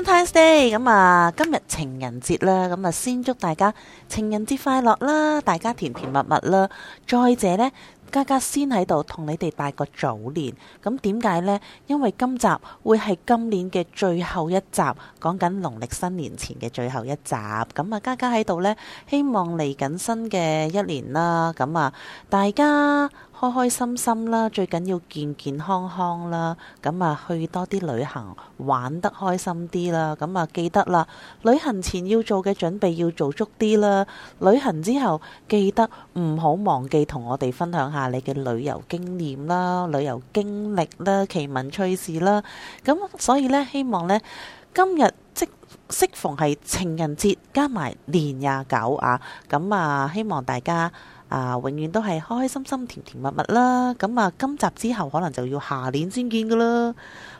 咁啊，今日情人節啦，咁啊先祝大家情人節快樂啦，大家甜甜蜜蜜啦。再者呢，嘉嘉先喺度同你哋拜個早年。咁點解呢？因為今集會係今年嘅最後一集，講緊農曆新年前嘅最後一集。咁啊，嘉嘉喺度呢，希望嚟緊新嘅一年啦。咁啊，大家，開開心心啦，最緊要健健康康啦，咁啊去多啲旅行，玩得開心啲啦，咁啊記得啦，旅行前要做嘅準備要做足啲啦，旅行之後記得唔好忘記同我哋分享下你嘅旅遊經驗啦、旅遊經歷啦、奇聞趣事啦，咁所以呢，希望呢，今日即適逢係情人節加埋年廿九啊，咁啊希望大家。啊！永遠都係開開心心、甜甜蜜蜜啦。咁啊，今集之後可能就要下年先見㗎啦。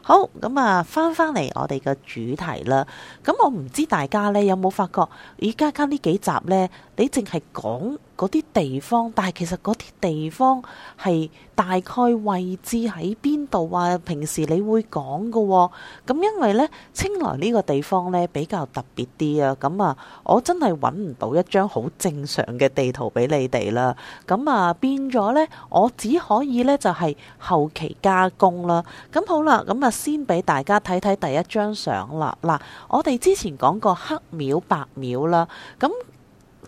好，咁啊，返返嚟我哋嘅主題啦。咁、嗯、我唔知大家呢有冇發覺，而家跟呢幾集呢，你淨係講嗰啲地方，但係其實嗰啲地方係大概位置喺邊度啊？平時你會講嘅、哦，咁、嗯、因為呢，清萊呢個地方呢比較特別啲啊。咁、嗯、啊，我真係揾唔到一張好正常嘅地圖俾你哋啦。咁、嗯、啊、嗯，變咗呢，我只可以呢就係、是、後期加工啦。咁、嗯、好啦，咁、嗯、啊。先俾大家睇睇第一張相啦。嗱，我哋之前講過黑廟白廟啦。咁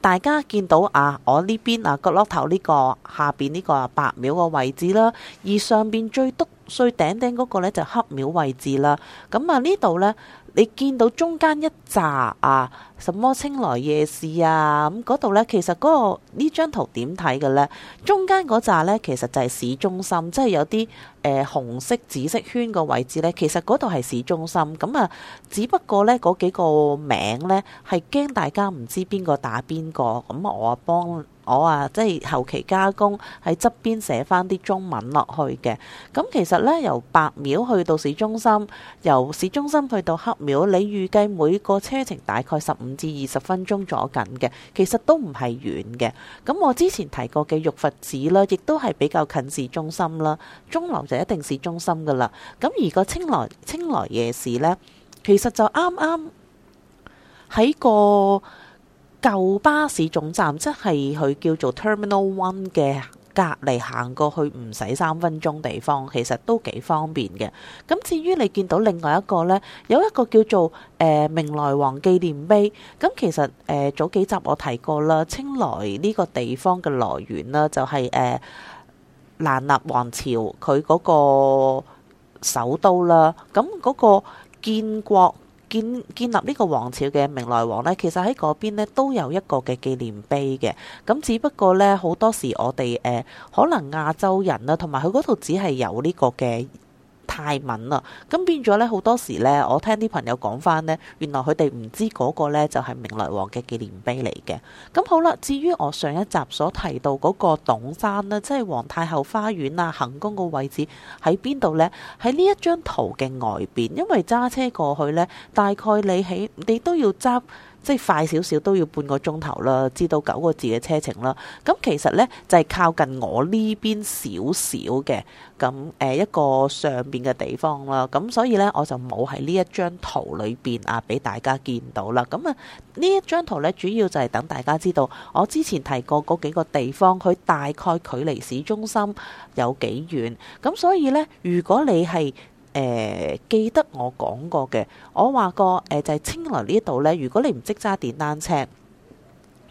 大家見到啊，我呢邊啊角落頭呢、呢個下邊呢個白廟個位置啦，而上邊最篤最頂頂嗰個咧就是、黑廟位置啦。咁啊呢度呢。你見到中間一紮啊，什麼清萊夜市啊？咁嗰度呢？其實嗰、嗰個呢張圖點睇嘅呢？中間嗰紮呢，其實就係市中心，即係有啲誒、呃、紅色、紫色圈個位置呢。其實嗰度係市中心。咁啊，只不過呢嗰幾個名呢，係驚大家唔知邊個打邊個。咁我啊，幫。我啊，即係後期加工，喺側邊寫翻啲中文落去嘅。咁其實呢，由白廟去到市中心，由市中心去到黑廟，你預計每個車程大概十五至二十分鐘左近嘅。其實都唔係遠嘅。咁我之前提過嘅玉佛寺啦，亦都係比較近市中心啦。鐘樓就一定市中心噶啦。咁而個清萊清萊夜市呢，其實就啱啱喺個。舊巴士總站，即係佢叫做 Terminal One 嘅隔離行過去唔使三分鐘地方，其實都幾方便嘅。咁至於你見到另外一個呢，有一個叫做誒明萊王紀念碑，咁其實誒早幾集我提過啦，清萊呢個地方嘅來源啦，就係誒蘭納王朝佢嗰個首都啦，咁嗰個建國。建建立呢個王朝嘅明來王呢，其實喺嗰邊呢都有一個嘅紀念碑嘅。咁只不過呢，好多時我哋誒可能亞洲人啦，同埋佢嗰度只係有呢個嘅。太敏啦，咁、啊、變咗咧好多時咧，我聽啲朋友講翻呢，原來佢哋唔知嗰個咧就係明來王嘅紀念碑嚟嘅。咁好啦，至於我上一集所提到嗰個董山咧，即係皇太后花園啊、行宮個位置喺邊度呢？喺呢一張圖嘅外邊，因為揸車過去呢，大概你喺你都要揸。即係快少少都要半個鐘頭啦，至到九個字嘅車程啦。咁其實呢，就係靠近我呢邊少少嘅，咁誒一個上邊嘅地方啦。咁所以呢，我就冇喺呢一張圖裏邊啊，俾大家見到啦。咁啊呢一張圖呢，主要就係等大家知道我之前提過嗰幾個地方，佢大概距離市中心有幾遠。咁所以呢，如果你係誒、呃、記得我講過嘅，我話過誒、呃、就係清萊呢度呢。如果你唔識揸電單車，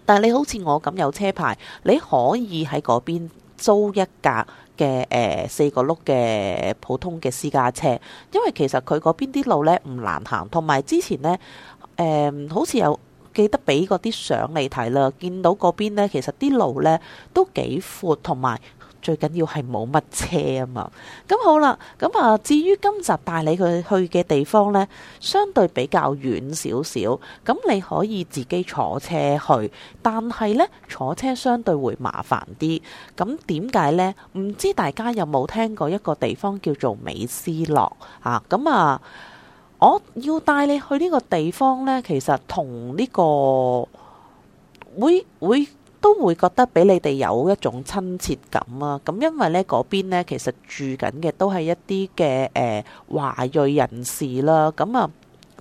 但係你好似我咁有車牌，你可以喺嗰邊租一架嘅誒四個轆嘅普通嘅私家車，因為其實佢嗰邊啲路呢唔難行，同埋之前呢，誒、呃、好似有記得俾嗰啲相你睇啦，見到嗰邊呢其實啲路呢都幾闊，同埋。最緊要係冇乜車啊嘛，咁好啦，咁啊至於今集帶你去去嘅地方呢，相對比較遠少少，咁你可以自己坐車去，但係呢，坐車相對會麻煩啲。咁點解呢？唔知大家有冇聽過一個地方叫做美斯樂啊？咁啊，我要帶你去呢個地方呢，其實同呢、呢個會會。會都會覺得俾你哋有一種親切感啊！咁因為呢，嗰邊呢，其實住緊嘅都係一啲嘅誒華裔人士啦。咁、嗯、啊，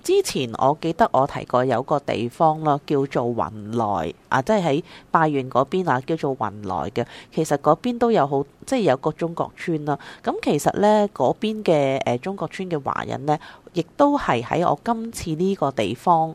之前我記得我提過有個地方啦，叫做雲來啊，即係喺拜縣嗰邊啊，叫做雲來嘅。其實嗰邊都有好，即係有個中國村啦。咁、嗯、其實呢嗰邊嘅誒中國村嘅華人呢，亦都係喺我今次呢個地方。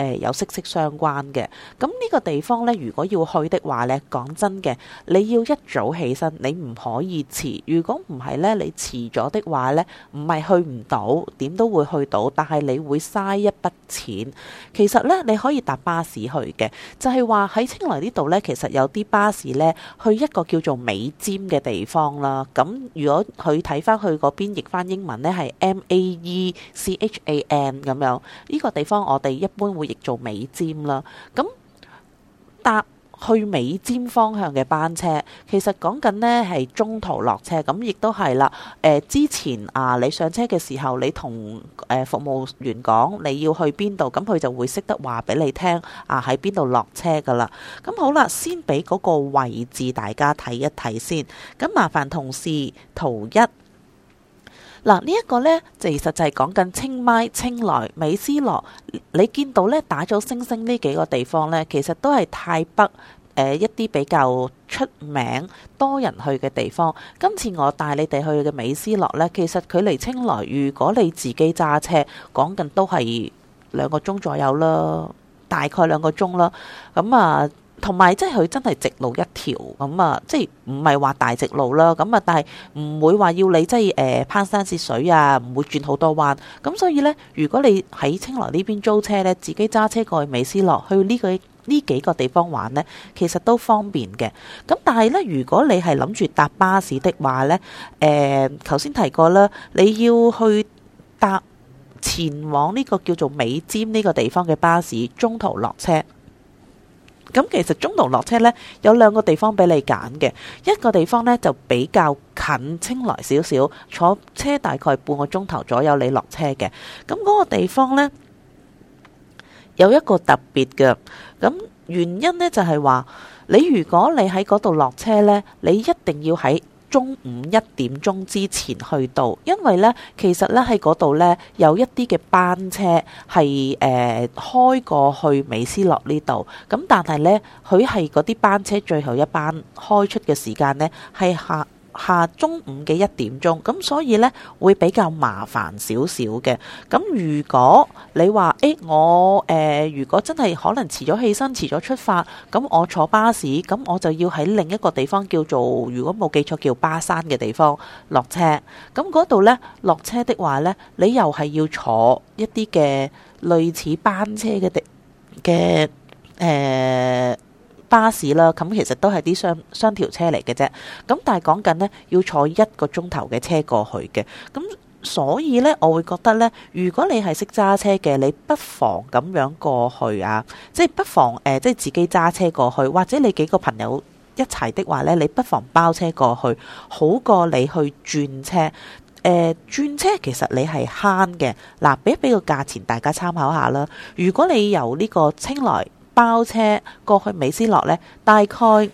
誒有息息相關嘅，咁呢個地方呢，如果要去的話呢，講真嘅，你要一早起身，你唔可以遲。如果唔係呢，你遲咗的話呢，唔係去唔到，點都會去到，但係你會嘥一筆錢。其實呢，你可以搭巴士去嘅，就係話喺清萊呢度呢，其實有啲巴士呢，去一個叫做美尖嘅地方啦。咁如果佢睇翻去嗰邊譯翻英文呢，係 M A E C H A N 咁樣，呢個地方我哋一般會。亦做尾尖啦，咁搭去尾尖方向嘅班車，其實講緊呢係中途落車，咁亦都係啦。誒、呃，之前啊，你上車嘅時候，你同誒、呃、服務員講你要去邊度，咁、嗯、佢就會識得話俾你聽啊，喺邊度落車㗎喇。咁好啦，先俾嗰個位置大家睇一睇先。咁麻煩同事圖一。嗱，呢一個呢，其實就係講緊清邁、清萊、美斯樂。你見到呢，打咗星星呢幾個地方呢，其實都係泰北誒、呃、一啲比較出名、多人去嘅地方。今次我帶你哋去嘅美斯樂呢，其實距離清萊，如果你自己揸車，講緊都係兩個鐘左右啦，大概兩個鐘啦。咁、嗯、啊～同埋，即係佢真係直路一條咁啊！即係唔係話大直路啦，咁啊，但係唔會話要你即係誒、呃、攀山涉水啊，唔會轉好多彎。咁所以呢，如果你喺清萊呢邊租車呢，自己揸車過去美斯樂去呢、呢個呢幾個地方玩呢，其實都方便嘅。咁但係呢，如果你係諗住搭巴士的話呢，誒、呃，頭先提過啦，你要去搭前往呢個叫做美尖呢個地方嘅巴士，中途落車。咁其實中途落車呢，有兩個地方俾你揀嘅。一個地方呢，就比較近清萊少少，坐車大概半個鐘頭左右你落車嘅。咁、嗯、嗰、那個地方呢，有一個特別嘅，咁、嗯、原因呢，就係、是、話你如果你喺嗰度落車呢，你一定要喺。中午一點鐘之前去到，因為呢，其實呢，喺嗰度呢，有一啲嘅班車係誒、呃、開過去美斯樂呢度，咁但係呢，佢係嗰啲班車最後一班開出嘅時間呢，係下。下中午嘅一點鐘，咁所以呢會比較麻煩少少嘅。咁如果你話，誒、欸、我誒、呃，如果真係可能遲咗起身，遲咗出發，咁我坐巴士，咁我就要喺另一個地方叫做，如果冇記錯，叫巴山嘅地方落車。咁嗰度呢，落車的話呢，你又係要坐一啲嘅類似班車嘅地嘅誒。巴士啦，咁其實都係啲雙雙條車嚟嘅啫。咁但係講緊呢，要坐一個鐘頭嘅車過去嘅，咁所以呢，我會覺得呢，如果你係識揸車嘅，你不妨咁樣過去啊，即係不妨誒、呃，即係自己揸車過去，或者你幾個朋友一齊的話呢，你不妨包車過去，好過你去轉車。誒、呃、轉車其實你係慳嘅嗱，俾、呃、一俾個價錢大家參考下啦。如果你由呢個清萊，包車過去美斯樂呢，大概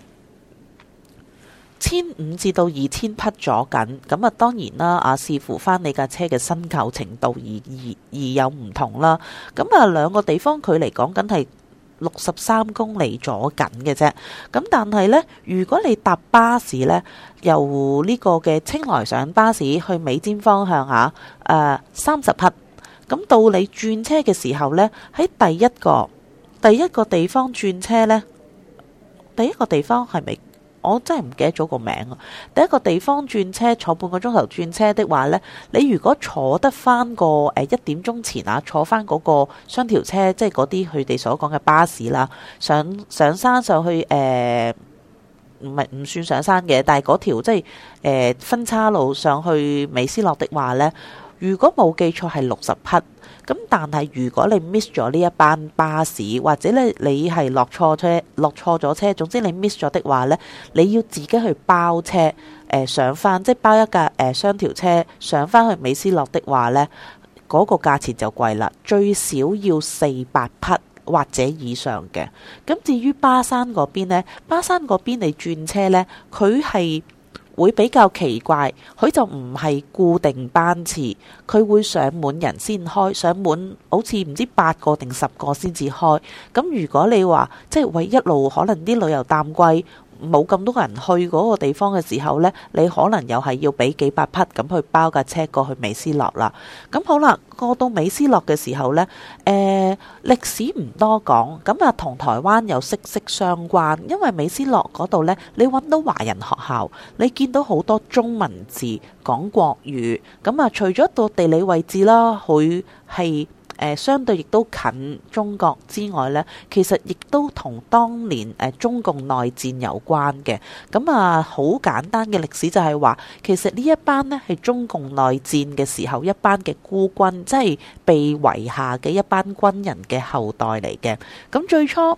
千五至到二千匹咗緊，咁啊當然啦，啊視乎翻你架車嘅新舊程度而而而有唔同啦。咁啊兩個地方距離講緊係六十三公里咗緊嘅啫。咁、嗯、但係呢，如果你搭巴士呢，由呢個嘅清萊上巴士去美尖方向吓、啊，誒三十匹，咁、嗯、到你轉車嘅時候呢，喺第一個。第一個地方轉車呢？第一個地方係咪？我真係唔記得咗個名啊！第一個地方轉車坐半個鐘頭轉車的話呢，你如果你坐得翻個誒、呃、一點鐘前啊，坐翻嗰個雙條車，即係嗰啲佢哋所講嘅巴士啦，上上山上去誒，唔係唔算上山嘅，但係嗰條即係誒、呃、分叉路上去美斯樂的話呢。如果冇記錯係六十匹，咁但係如果你 miss 咗呢一班巴士，或者你你係落錯車、落錯咗車，總之你 miss 咗的話呢，你要自己去包車誒、呃、上翻，即係包一架誒、呃、雙條車上翻去美斯樂的話呢嗰、那個價錢就貴啦，最少要四百匹或者以上嘅。咁至於巴山嗰邊呢，巴山嗰邊你轉車呢，佢係，會比較奇怪，佢就唔係固定班次，佢會上滿人先開，上滿好似唔知八個定十個先至開。咁如果你話，即係為一路，可能啲旅遊淡季，冇咁多人去嗰個地方嘅時候咧，你可能又係要俾幾百匹咁去包架車過去美斯樂啦。咁好啦，過到美斯樂嘅時候咧，誒、呃，歷史唔多講，咁啊同台灣又息息相關，因為美斯樂嗰度咧，你揾到華人學校，你見到好多中文字講國語，咁啊，除咗到地理位置啦，佢係。誒相對亦都近中國之外呢，其實亦都同當年誒、啊、中共內戰有關嘅。咁啊，好簡單嘅歷史就係話，其實一呢一班呢係中共內戰嘅時候一班嘅孤軍，即係被遺下嘅一班軍人嘅後代嚟嘅。咁最初。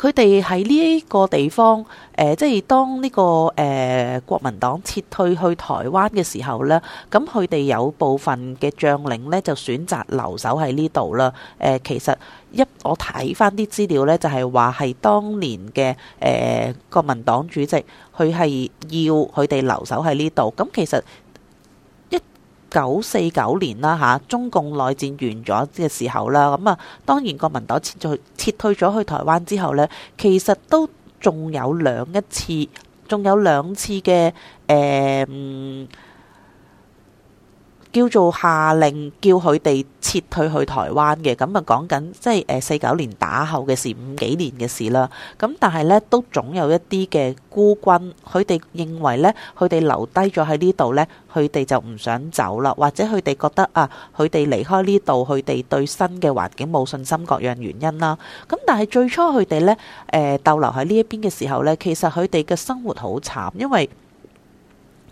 佢哋喺呢一個地方，誒、呃，即係當呢、這個誒、呃、國民黨撤退去台灣嘅時候呢，咁佢哋有部分嘅將領呢就選擇留守喺呢度啦。誒、呃，其實一我睇翻啲資料呢，就係話係當年嘅誒、呃、國民黨主席，佢係要佢哋留守喺呢度。咁其實。九四九年啦吓、啊、中共內戰完咗嘅時候啦，咁啊當然國民黨撤退撤退咗去台灣之後呢，其實都仲有兩一次，仲有兩次嘅誒。啊嗯叫做下令叫佢哋撤退去台灣嘅，咁啊講緊，即係誒四九年打後嘅事，五幾年嘅事啦。咁但係咧，都總有一啲嘅孤軍，佢哋認為咧，佢哋留低咗喺呢度咧，佢哋就唔想走啦，或者佢哋覺得啊，佢哋離開呢度，佢哋對新嘅環境冇信心，各樣原因啦。咁但係最初佢哋咧誒逗留喺呢一邊嘅時候咧，其實佢哋嘅生活好慘，因為。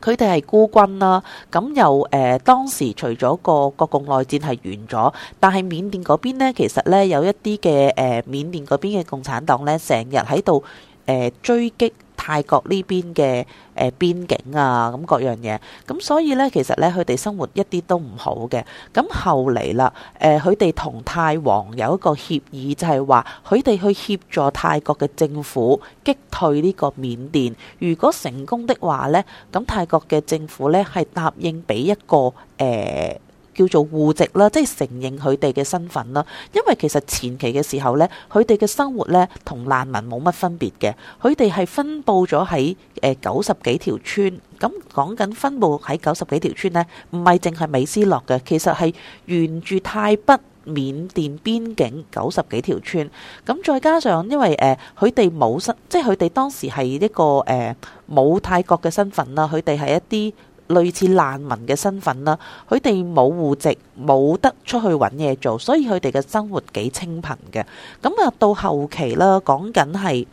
佢哋係孤軍啦，咁又誒、呃、當時除咗個國共內戰係完咗，但係緬甸嗰邊呢，其實呢有一啲嘅誒緬甸嗰邊嘅共產黨呢，成日喺度誒追擊。泰國呢邊嘅誒、呃、邊境啊，咁各樣嘢，咁所以呢，其實呢，佢哋生活一啲都唔好嘅。咁後嚟啦，誒、呃，佢哋同泰王有一個協議，就係話佢哋去協助泰國嘅政府擊退呢個緬甸。如果成功的話呢，咁泰國嘅政府呢，係答應俾一個誒。呃叫做戶籍啦，即係承認佢哋嘅身份啦。因為其實前期嘅時候咧，佢哋嘅生活咧同難民冇乜分別嘅。佢哋係分布咗喺誒九十幾條村。咁講緊分布喺九十幾條村咧，唔係淨係美斯樂嘅，其實係沿住泰北緬甸邊境九十幾條村。咁再加上因為誒佢哋冇身，即係佢哋當時係一個誒冇泰國嘅身份啦，佢哋係一啲。類似難民嘅身份啦，佢哋冇戶籍，冇得出去揾嘢做，所以佢哋嘅生活幾清貧嘅。咁啊，到後期啦，講緊係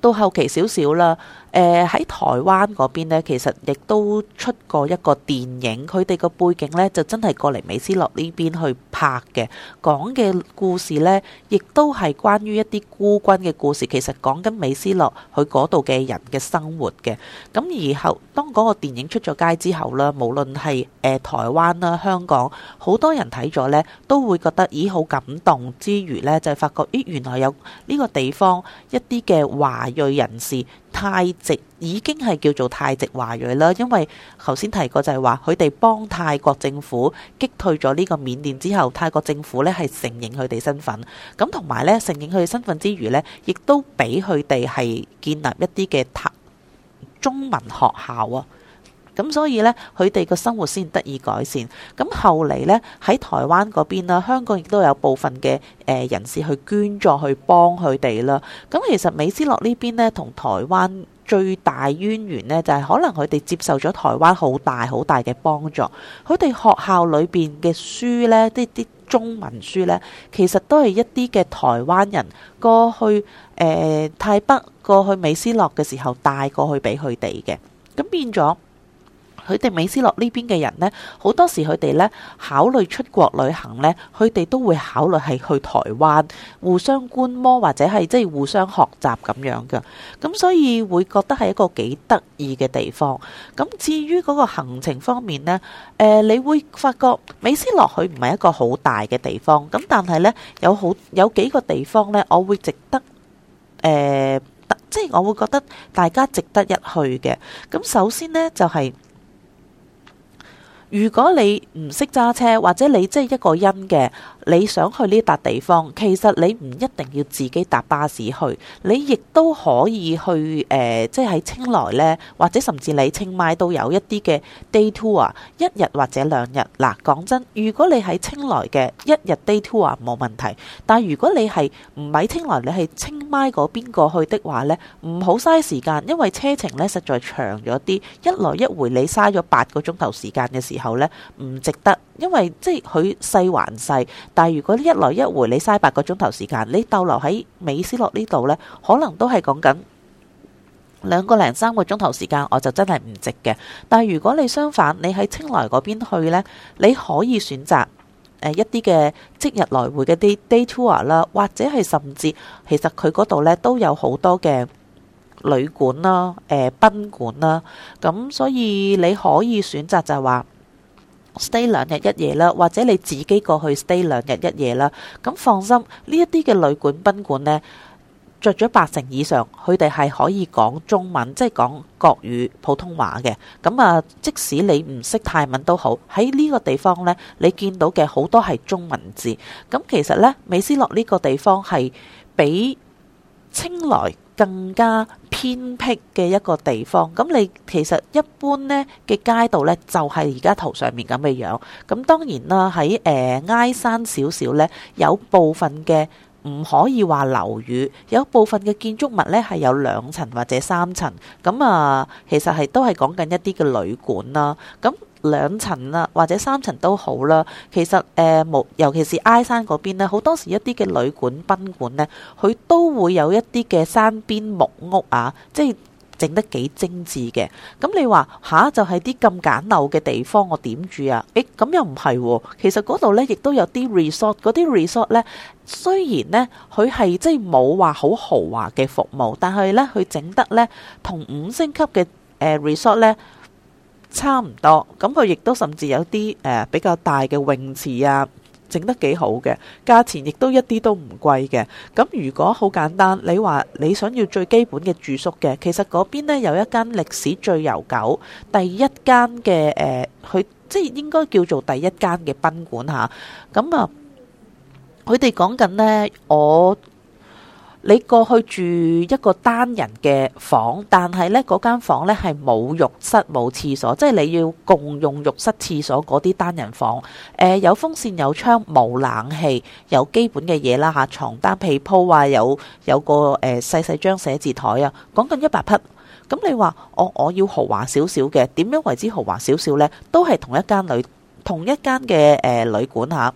到後期少少啦。誒喺、呃、台灣嗰邊呢，其實亦都出過一個電影。佢哋個背景呢，就真係過嚟美斯樂呢邊去拍嘅，講嘅故事呢，亦都係關於一啲孤軍嘅故事。其實講緊美斯樂佢嗰度嘅人嘅生活嘅。咁而後當嗰個電影出咗街之後呢，無論係誒、呃、台灣啦、香港，好多人睇咗呢，都會覺得，咦，好感動，之餘呢，就係發覺，咦，原來有呢個地方一啲嘅華裔人士。泰籍已經係叫做泰籍華裔啦，因為頭先提過就係話佢哋幫泰國政府擊退咗呢個緬甸之後，泰國政府咧係承認佢哋身份，咁同埋咧承認佢哋身份之餘咧，亦都俾佢哋係建立一啲嘅泰中文學校啊。咁所以咧，佢哋個生活先得以改善。咁後嚟咧，喺台灣嗰邊啦，香港亦都有部分嘅誒人士去捐助，去幫佢哋啦。咁其實美斯樂呢邊咧，同台灣最大淵源咧，就係可能佢哋接受咗台灣好大好大嘅幫助。佢哋學校裏邊嘅書咧，呢啲中文書咧，其實都係一啲嘅台灣人過去誒、呃、泰北過去美斯樂嘅時候帶過去俾佢哋嘅，咁變咗。佢哋美斯樂呢邊嘅人呢，好多時佢哋呢考慮出國旅行呢，佢哋都會考慮係去台灣，互相觀摩或者係即係互相學習咁樣嘅。咁所以會覺得係一個幾得意嘅地方。咁至於嗰個行程方面呢，誒、呃、你會發覺美斯樂佢唔係一個好大嘅地方，咁但係呢，有好有幾個地方呢，我會值得誒、呃，即係我會覺得大家值得一去嘅。咁首先呢，就係、是。如果你唔識揸車，或者你即係一個人嘅，你想去呢笪地方，其實你唔一定要自己搭巴士去，你亦都可以去誒、呃，即係喺清萊呢，或者甚至你清邁都有一啲嘅 day tour 啊，一日或者兩日。嗱，講真，如果你喺清萊嘅一日 day tour 啊冇問題，但係如果你係唔喺清萊，你係清邁嗰邊過去的話呢，唔好嘥時間，因為車程呢實在長咗啲，一來一回你嘥咗八個鐘頭時、時間嘅時候。後咧唔值得，因為即係佢細還細，但係如果一來一回你嘥八個鐘頭時間，你逗留喺美斯樂呢度呢，可能都係講緊兩個零三個鐘頭時間，我就真係唔值嘅。但係如果你相反，你喺清萊嗰邊去呢，你可以選擇誒一啲嘅即日來回嘅啲 day, day tour 啦，或者係甚至其實佢嗰度呢都有好多嘅旅館啦，誒賓館啦，咁所以你可以選擇就係話。stay 兩日一夜啦，或者你自己過去 stay 兩日一夜啦。咁放心，呢一啲嘅旅館賓館呢，着咗八成以上，佢哋係可以講中文，即係講國語、普通話嘅。咁啊，即使你唔識泰文都好，喺呢個地方呢，你見到嘅好多係中文字。咁其實呢，美斯樂呢個地方係比清萊。更加偏僻嘅一個地方，咁你其實一般呢嘅街道呢，就係而家圖上面咁嘅樣。咁當然啦，喺誒挨山少少呢，有部分嘅唔可以話樓宇，有部分嘅建築物呢，係有兩層或者三層。咁啊，呃，其實係都係講緊一啲嘅旅館啦。咁兩層啦，或者三層都好啦。其實誒木、呃，尤其是 I 山嗰邊咧，好多時一啲嘅旅館、賓館咧，佢都會有一啲嘅山邊木屋啊，即係整得幾精緻嘅。咁你話吓、啊，就係啲咁簡陋嘅地方，我點住啊？誒、欸，咁又唔係喎。其實嗰度咧，亦都有啲 resort，嗰啲 resort 咧，雖然咧佢係即係冇話好豪華嘅服務，但係咧佢整得咧同五星級嘅誒 resort 咧，差唔多，咁佢亦都甚至有啲誒、呃、比較大嘅泳池啊，整得幾好嘅，價錢亦都一啲都唔貴嘅。咁如果好簡單，你話你想要最基本嘅住宿嘅，其實嗰邊呢有一間歷史最悠久、第一間嘅誒，佢、呃、即係應該叫做第一間嘅賓館嚇。咁啊，佢哋講緊呢我。你過去住一個單人嘅房，但係咧嗰間房咧係冇浴室冇廁所，即係你要共用浴室廁所嗰啲單人房。誒有風扇有窗冇冷氣，有基本嘅嘢啦嚇，床單被鋪啊，有有個誒細細張寫字台啊，講緊一百匹。咁、嗯、你話我我要豪華少少嘅，點樣為之豪華少少呢？都係同一間旅同一間嘅誒、呃、旅館嚇。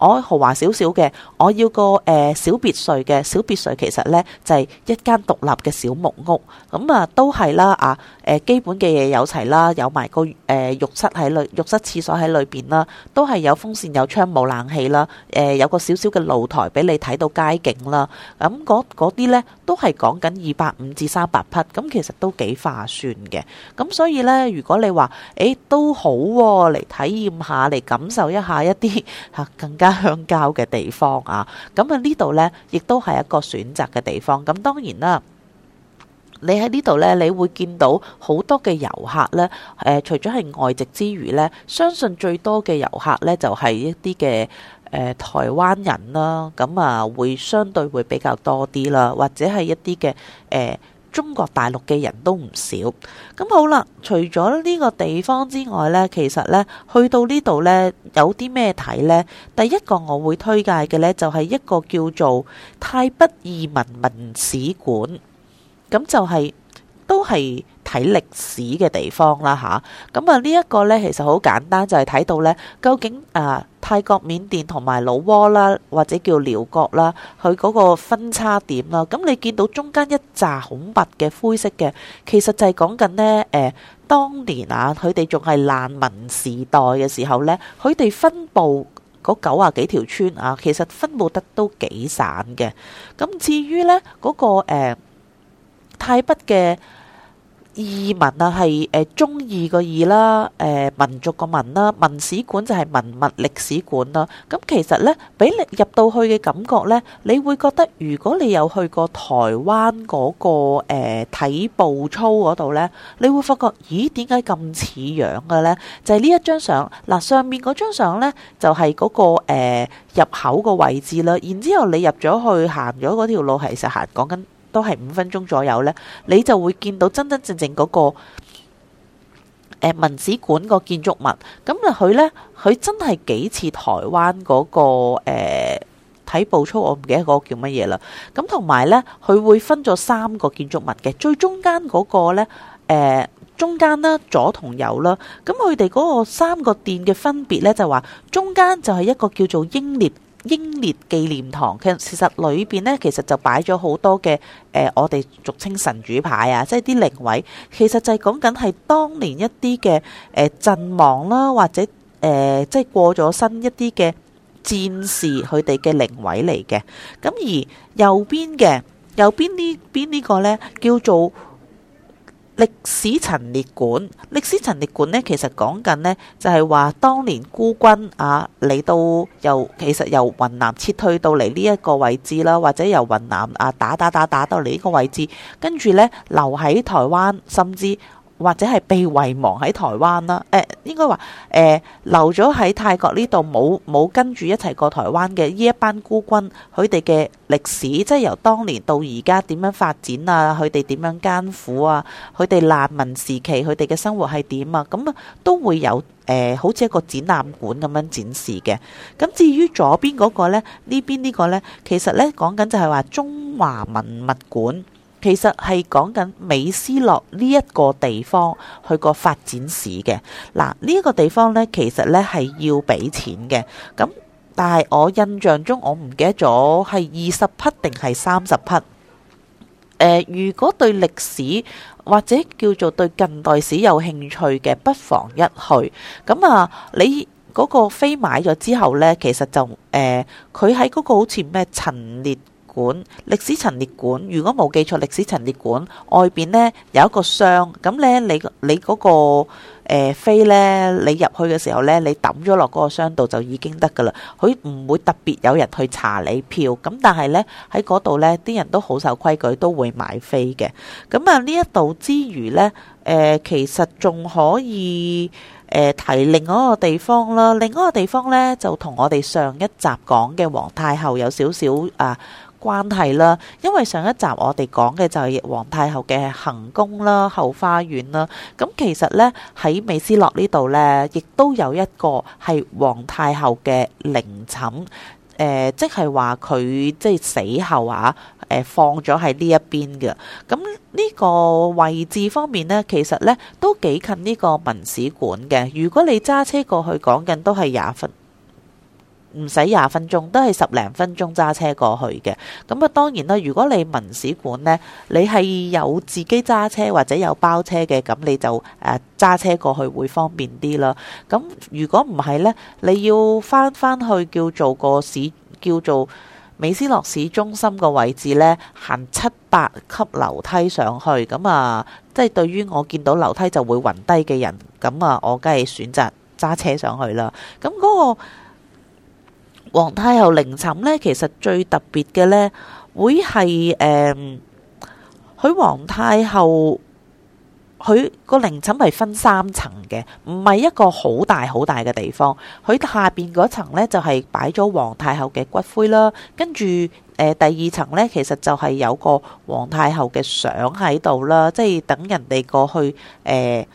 我豪華少少嘅，我要個誒小別墅嘅。小別墅，墅其實咧就係、是、一間獨立嘅小木屋，咁、嗯、啊都係啦啊誒基本嘅嘢有齊啦，有埋個誒、呃、浴室喺裏浴室廁所喺裏邊啦，都係有風扇有窗冇冷氣啦，誒、呃、有個小小嘅露台俾你睇到街景啦。咁嗰嗰啲咧都係講緊二百五至三百匹，咁、嗯、其實都幾劃算嘅。咁、嗯、所以咧，如果你話誒、欸、都好嚟、啊、體驗下，嚟感受一下一啲吓更加。相交嘅地方啊，咁啊呢度呢，亦都係一個選擇嘅地方。咁當然啦，你喺呢度呢，你會見到好多嘅遊客呢。誒，除咗係外籍之餘呢，相信最多嘅遊客呢，就係一啲嘅誒台灣人啦。咁啊，會相對會比較多啲啦，或者係一啲嘅誒。呃中國大陸嘅人都唔少，咁好啦。除咗呢個地方之外呢，其實呢去到呢度呢，有啲咩睇呢？第一個我會推介嘅呢，就係一個叫做泰北移民文史館，咁就係、是。都係睇歷史嘅地方啦吓，咁啊呢一個呢，其實好簡單，就係、是、睇到呢，究竟啊泰國、緬甸同埋老窩啦，或者叫寮國啦，佢嗰個分叉點啦，咁、啊、你見到中間一紮好密嘅灰色嘅，其實就係講緊呢。誒、啊，當年啊，佢哋仲係難民時代嘅時候呢，佢哋分佈嗰九十幾條村啊，其實分佈得都幾散嘅。咁、啊、至於呢，嗰、那個、啊、泰北嘅。義民啊，係誒、呃、忠義個義啦，誒、呃、民族個民啦，文史館就係文物歷史館啦。咁、啊、其實呢，俾你入到去嘅感覺呢，你會覺得如果你有去過台灣嗰、那個誒睇步操嗰度呢，你會發覺，咦？點解咁似樣嘅呢？就係、是、呢一張相。嗱、啊，上面嗰張相呢，就係、是、嗰、那個、呃、入口個位置啦。然之後你入咗去，行咗嗰條路係實行講緊。都係五分鐘左右呢，你就會見到真真正正嗰、嗰個、呃、文史館個建築物。咁啊，佢呢，佢真係幾似台灣嗰、嗰個睇、呃、步操，我唔記得嗰個叫乜嘢啦。咁同埋呢，佢會分咗三個建築物嘅，最中間嗰個咧、呃，中間啦，左同右啦。咁佢哋嗰個三個殿嘅分別呢，就話中間就係一個叫做英烈。英烈紀念堂其實事實裏邊咧，其實就擺咗好多嘅誒、呃，我哋俗稱神主牌啊，即係啲靈位，其實就係講緊係當年一啲嘅誒陣亡啦，或者誒、呃、即係過咗身一啲嘅戰士佢哋嘅靈位嚟嘅。咁而右邊嘅右邊呢邊呢個咧叫做。歷史陳列館，歷史陳列館呢，其實講緊呢，就係話當年孤軍啊嚟到由其實由雲南撤退到嚟呢一個位置啦，或者由雲南啊打打打打到嚟呢個位置，跟住呢，留喺台灣，甚至。或者係被遺忘喺台灣啦，誒、呃、應該話誒、呃、留咗喺泰國呢度冇冇跟住一齊過台灣嘅呢一班孤軍，佢哋嘅歷史即係由當年到而家點樣發展啊，佢哋點樣艱苦啊，佢哋難民時期佢哋嘅生活係點啊，咁啊都會有誒、呃、好似一個展覽館咁樣展示嘅。咁至於左邊嗰個呢，呢邊呢個呢，其實呢講緊就係話中華文物館。其實係講緊美斯樂呢一個地方去個發展史嘅。嗱呢一個地方呢，其實呢係要俾錢嘅，咁，但係我印象中我唔記得咗係二十匹定係三十匹、呃。如果對歷史或者叫做對近代史有興趣嘅，不妨一去。咁啊，你嗰個飛買咗之後呢，其實就誒，佢喺嗰個好似咩陳列。管歷史陳列館，如果冇記錯，歷史陳列館外邊呢有一個箱，咁咧你你嗰個誒飛咧，你入、那個呃、去嘅時候咧，你抌咗落嗰個箱度就已經得㗎喇。佢唔會特別有人去查你票，咁但係咧喺嗰度咧，啲人都好守規矩，都會買飛嘅。咁啊，呢一度之餘咧，誒、呃、其實仲可以誒、呃、提另外一個地方咯。另外一個地方咧，就同我哋上一集講嘅皇太后有少少啊～關係啦，因為上一集我哋講嘅就係皇太后嘅行宮啦、後花園啦。咁其實呢，喺美斯樂呢度呢，亦都有一個係皇太后嘅陵寢，即係話佢即係死後啊，誒、呃，放咗喺呢一邊嘅。咁呢個位置方面呢，其實呢都幾近呢個文史館嘅。如果你揸車過去，講緊都係廿分。唔使廿分鐘，都係十零分鐘揸車過去嘅。咁啊，當然啦。如果你文史館呢，你係有自己揸車或者有包車嘅，咁你就誒揸車過去會方便啲啦。咁如果唔係呢，你要翻翻去叫做個市叫做美斯樂市中心個位置呢，行七八級樓梯上去，咁啊，即係對於我見到樓梯就會暈低嘅人，咁啊，我梗係選擇揸車上去啦。咁嗰個。皇太后陵寢咧，其實最特別嘅咧，會係誒，佢、嗯、皇太后佢個陵寢係分三層嘅，唔係一個好大好大嘅地方。佢下邊嗰層咧就係、是、擺咗皇太后嘅骨灰啦，跟住誒、呃、第二層咧，其實就係有個皇太后嘅相喺度啦，即係等人哋過去誒、呢、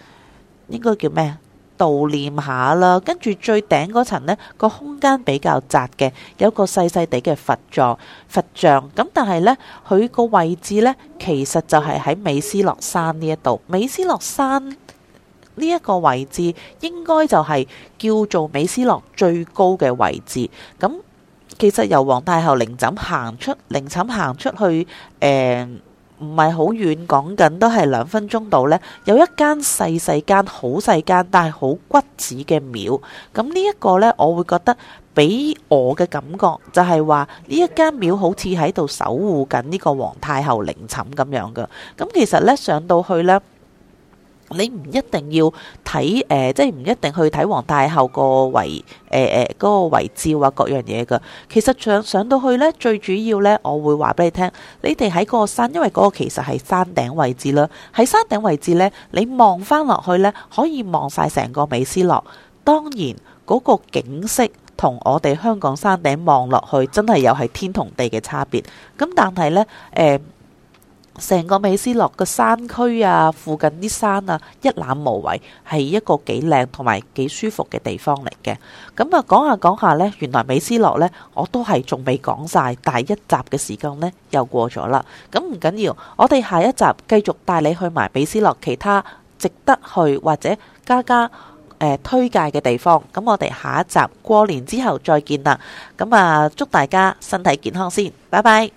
呃、個叫咩？悼念下啦，跟住最頂嗰層咧，個空間比較窄嘅，有個細細地嘅佛座、佛像，咁但係咧，佢個位置咧，其實就係喺美斯樂山呢一度，美斯樂山呢一個位置應該就係叫做美斯樂最高嘅位置。咁、嗯、其實由皇太后陵寢行出，陵寢行出去，誒、呃。唔係好遠，講緊都係兩分鐘度呢，有一間細細間、好細間，但係好骨子嘅廟。咁呢一個呢，我會覺得俾我嘅感覺就係話呢一間廟好似喺度守護緊呢個皇太后靈寢咁樣㗎。咁其實呢，上到去呢。你唔一定要睇誒、呃，即係唔一定去睇皇太后個位誒誒嗰個位置啊，各樣嘢噶。其實上上到去咧，最主要咧，我會話俾你聽，你哋喺嗰個山，因為嗰個其實係山頂位置啦。喺山頂位置咧，你望翻落去咧，可以望晒成個美斯樂。當然嗰、那個景色同我哋香港山頂望落去，真係又係天同地嘅差別。咁但係咧，誒、呃。成個美斯樂個山區啊，附近啲山啊，一覽無遺，係一個幾靚同埋幾舒服嘅地方嚟嘅。咁、嗯、啊，講下講下呢，原來美斯樂呢，我都係仲未講晒。第一集嘅時間呢，又過咗啦。咁唔緊要，我哋下一集繼續帶你去埋美斯樂其他值得去或者加加、呃、推介嘅地方。咁、嗯、我哋下一集過年之後再見啦。咁、嗯、啊，祝大家身體健康先，拜拜。